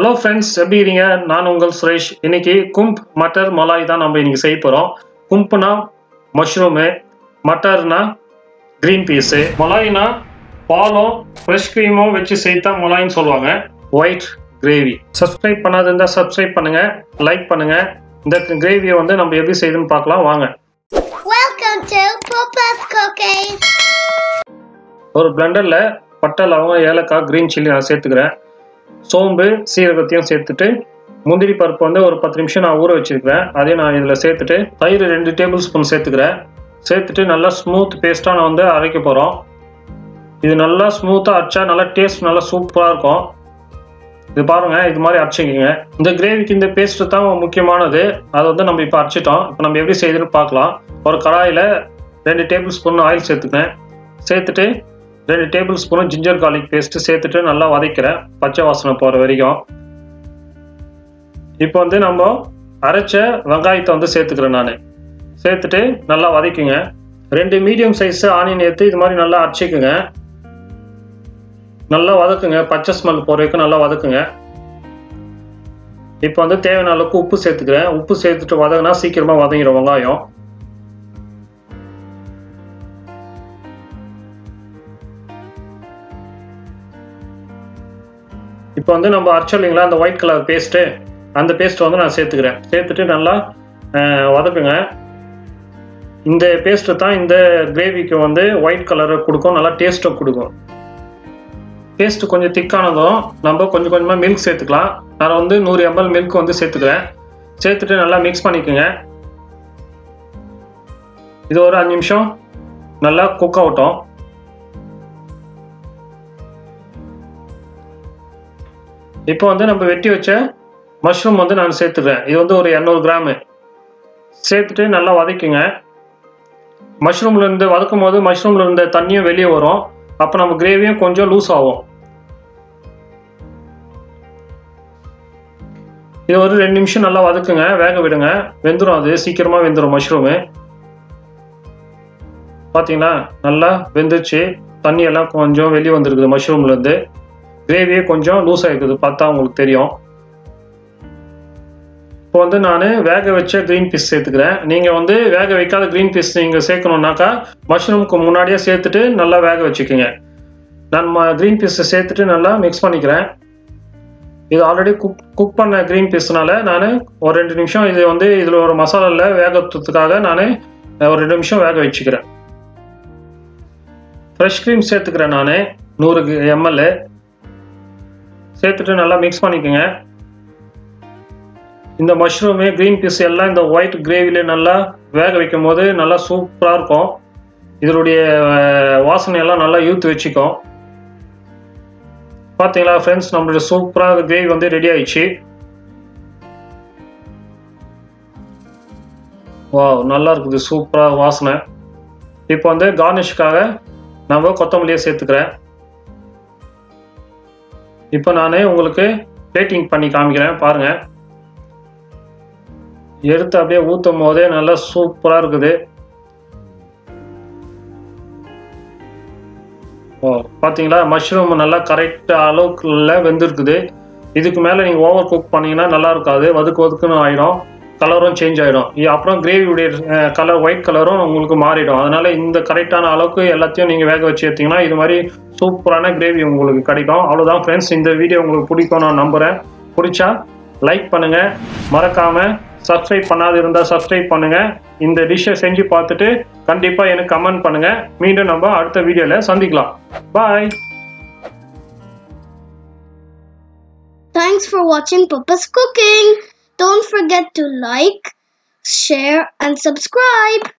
Hello friends எப்படி இருக்கீங்க நான் உங்கள் சுரேஷ் இன்னைக்கு கும்ப் மட்டர் மலாய் தான் நம்ம இன்னைக்கு செய்ய போகிறோம் கும்ப்னா மஷ்ரூமு மட்டர்னா க்ரீன் பீஸு மலாய்னா பாலும் ஃப்ரெஷ் க்ரீமும் வச்சு செய்தா மலாயின்னு சொல்லுவாங்க ஒயிட் கிரேவி சப்ஸ்கிரைப் பண்ணாத இருந்தால் சப்ஸ்கிரைப் பண்ணுங்க லைக் பண்ணுங்கள் இந்த கிரேவியை வந்து நம்ம எப்படி செய்யுதுன்னு பார்க்கலாம் வாங்க ஒரு பிளண்டரில் பட்டை லவங்கம் ஏலக்காய் க்ரீன் சில்லி நான் சேர்த்துக்கிறேன் சோம்பு சீரகத்தையும் சேர்த்துட்டு முந்திரி பருப்பு வந்து ஒரு பத்து நிமிஷம் நான் ஊற வச்சிருக்கிறேன் அதையும் நான் இதில் சேர்த்துட்டு தயிர் ரெண்டு டேபிள் ஸ்பூன் சேர்த்துக்கிறேன் சேர்த்துட்டு நல்லா ஸ்மூத் பேஸ்ட்டாக நான் வந்து அரைக்க போகிறோம் இது நல்லா ஸ்மூத்தாக அரைச்சா நல்லா டேஸ்ட் நல்லா சூப்பராக இருக்கும் இது பாருங்கள் இது மாதிரி அரைச்சிக்கிங்க இந்த கிரேவிக்கு இந்த பேஸ்ட்டு தான் முக்கியமானது அதை வந்து நம்ம இப்போ அரைச்சிட்டோம் இப்போ நம்ம எப்படி செய்யுதுன்னு பார்க்கலாம் ஒரு கடாயில் ரெண்டு டேபிள் ஸ்பூன் ஆயில் சேர்த்துக்கேன் சேர்த்துட்டு ரெண்டு டேபிள் ஸ்பூனும் ஜிஞ்சர் கார்லிக் பேஸ்ட்டு சேர்த்துட்டு நல்லா வதக்கிறேன் பச்சை வாசனை போகிற வரைக்கும் இப்போ வந்து நம்ம அரைச்ச வெங்காயத்தை வந்து சேர்த்துக்கிறேன் நான் சேர்த்துட்டு நல்லா வதக்குங்க ரெண்டு மீடியம் சைஸு ஆனியன் ஏற்று இது மாதிரி நல்லா அரைச்சிக்குங்க நல்லா வதக்குங்க பச்சை ஸ்மெல் போகிற வரைக்கும் நல்லா வதக்குங்க இப்போ வந்து தேவையான அளவுக்கு உப்பு சேர்த்துக்கிறேன் உப்பு சேர்த்துட்டு வதங்கினா சீக்கிரமாக வதங்கிடும் வெங்காயம் இப்போ வந்து நம்ம அரைச்சோம் இல்லைங்களா அந்த ஒயிட் கலர் பேஸ்ட்டு அந்த பேஸ்ட்டை வந்து நான் சேர்த்துக்கிறேன் சேர்த்துட்டு நல்லா வதக்குங்க இந்த பேஸ்ட்டு தான் இந்த கிரேவிக்கு வந்து ஒயிட் கலரை கொடுக்கும் நல்லா டேஸ்ட்டை கொடுக்கும் பேஸ்ட்டு கொஞ்சம் திக்கானதும் நம்ம கொஞ்சம் கொஞ்சமாக மில்க் சேர்த்துக்கலாம் நான் வந்து நூறு எம்எல் மில்க் வந்து சேர்த்துக்கிறேன் சேர்த்துட்டு நல்லா மிக்ஸ் பண்ணிக்கோங்க இது ஒரு அஞ்சு நிமிஷம் நல்லா குக் ஆகட்டும் இப்போ வந்து நம்ம வெட்டி வச்ச மஷ்ரூம் வந்து நான் சேர்த்துடுறேன் இது வந்து ஒரு இரநூறு கிராமு சேர்த்துட்டு நல்லா வதக்குங்க மஷ்ரூமில் இருந்து வதக்கும் போது மஷ்ரூமில் இருந்த தண்ணியும் வெளியே வரும் அப்போ நம்ம கிரேவியும் கொஞ்சம் லூஸ் ஆகும் இது ஒரு ரெண்டு நிமிஷம் நல்லா வதக்குங்க வேக விடுங்க வெந்துடும் அது சீக்கிரமாக வெந்துடும் மஷ்ரூமு பார்த்தீங்களா நல்லா வெந்துச்சு தண்ணியெல்லாம் கொஞ்சம் வெளியே வந்துருக்குது மஷ்ரூம்லேருந்து கிரேவியே கொஞ்சம் லூஸ் ஆகிருக்குது பார்த்தா உங்களுக்கு தெரியும் இப்போ வந்து நான் வேக வச்ச க்ரீன் பீஸ் சேர்த்துக்கிறேன் நீங்கள் வந்து வேக வைக்காத க்ரீன் பீஸ் நீங்கள் சேர்க்கணுன்னாக்கா மஷ்ரூமுக்கு முன்னாடியே சேர்த்துட்டு நல்லா வேக வச்சுக்கோங்க நான் க்ரீன் பீஸை சேர்த்துட்டு நல்லா மிக்ஸ் பண்ணிக்கிறேன் இது ஆல்ரெடி குக் குக் பண்ண க்ரீன் பீஸ்னால நான் ஒரு ரெண்டு நிமிஷம் இது வந்து இதில் ஒரு மசாலாவில் வேகத்துக்காக நான் ஒரு ரெண்டு நிமிஷம் வேக வச்சுக்கிறேன் ஃப்ரெஷ் க்ரீம் சேர்த்துக்கிறேன் நான் நூறு எம்எல் சேர்த்துட்டு நல்லா மிக்ஸ் பண்ணிக்கோங்க இந்த மஷ்ரூமு க்ரீன் பீஸ் எல்லாம் இந்த ஒயிட் கிரேவியில் நல்லா வேக வைக்கும் போது நல்லா சூப்பராக இருக்கும் இதனுடைய வாசனையெல்லாம் நல்லா யூத்து வச்சுக்கும் பார்த்தீங்களா ஃப்ரெண்ட்ஸ் நம்மளுடைய சூப்பராக கிரேவி வந்து ரெடி ஆயிடுச்சு வா நல்லா இருக்குது சூப்பராக வாசனை இப்போ வந்து கார்னிஷ்காக நம்ம கொத்தமல்லியை சேர்த்துக்கிறேன் இப்போ நான் உங்களுக்கு பேக்கிங் பண்ணி காமிக்கிறேன் பாருங்கள் எடுத்து அப்படியே ஊற்றும் போதே நல்லா சூப்பராக இருக்குது ஓ பார்த்தீங்களா மஷ்ரூம் நல்லா கரெக்ட் அளவுக்குள்ள வெந்திருக்குது இதுக்கு மேலே நீங்கள் ஓவர் குக் பண்ணிங்கன்னா நல்லா இருக்காது வதுக்கு வதுக்குன்னு ஆகிடும் கலரும் சேஞ்ச் ஆகிடும் அப்புறம் கிரேவியுடைய கலர் ஒயிட் கலரும் உங்களுக்கு மாறிடும் அதனால் இந்த கரெக்டான அளவுக்கு எல்லாத்தையும் நீங்கள் வேக வச்சு எடுத்தீங்கன்னா இது மாதிரி சூப்பரான கிரேவி உங்களுக்கு கிடைக்கும் அவ்வளோதான் ஃப்ரெண்ட்ஸ் இந்த வீடியோ உங்களுக்கு பிடிக்கும் நான் நம்புகிறேன் பிடிச்சா லைக் பண்ணுங்கள் மறக்காமல் சப்ஸ்கிரைப் பண்ணாது இருந்தால் சப்ஸ்கிரைப் பண்ணுங்கள் இந்த டிஷ்ஷை செஞ்சு பார்த்துட்டு கண்டிப்பாக எனக்கு கமெண்ட் பண்ணுங்கள் மீண்டும் நம்ம அடுத்த வீடியோவில் சந்திக்கலாம் பாய் Thanks for watching Papa's Cooking. Don't forget to like, share and subscribe.